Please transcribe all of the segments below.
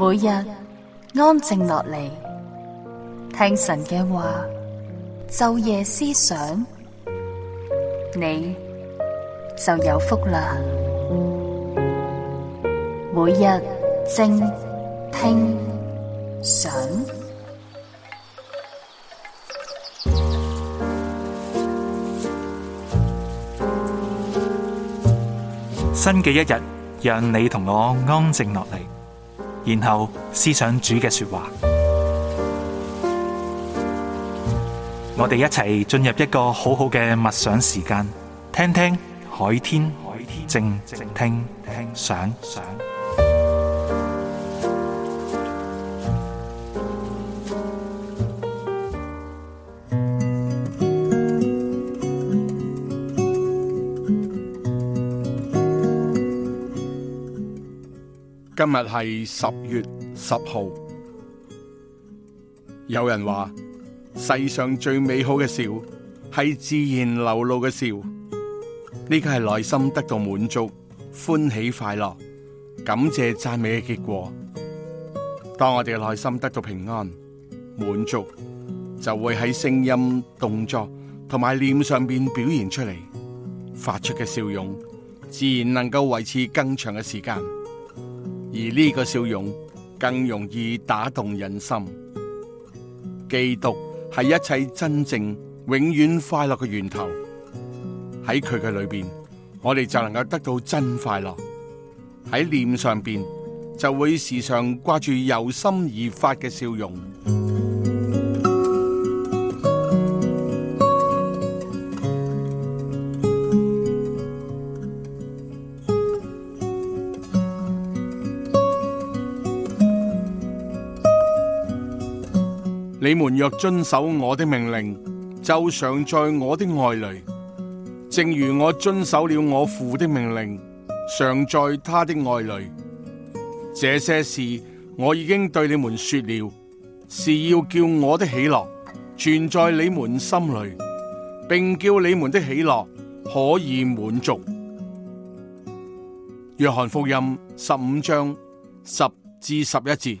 每日安靜落嚟，聽神嘅話，晝夜思想，你就有福啦。每日靜聽想，新嘅一日，讓你同我安靜落嚟。然後思想主嘅說話，嗯、我哋一齊進入一個好好嘅默想時間，聽聽海天，靜靜聽想想。今日係十月十號。有人話世上最美好嘅笑係自然流露嘅笑，呢個係內心得到滿足、歡喜、快樂、感謝、讚美嘅結果。當我哋嘅內心得到平安、滿足，就會喺聲音、動作同埋臉上面表現出嚟，發出嘅笑容自然能夠維持更長嘅時間。而呢個笑容更容易打動人心。基督係一切真正永遠快樂嘅源頭，喺佢嘅裏邊，我哋就能夠得到真快樂。喺臉上邊，就會時常掛住由心而發嘅笑容。你們若遵守我的命令，就常在我的愛裏，正如我遵守了我父的命令，常在他的愛裏。這些事我已經對你們說了，是要叫我的喜樂存在你們心裏，並叫你們的喜樂可以滿足。約翰福音十五章十至十一節。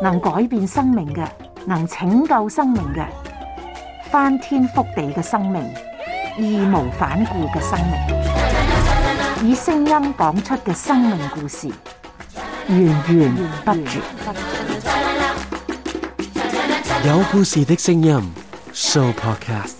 能改變生命嘅，能拯救生命嘅，翻天覆地嘅生命，義無反顧嘅生命，以聲音講出嘅生命故事，源源不絕。有故事的聲音，Sooo Podcast。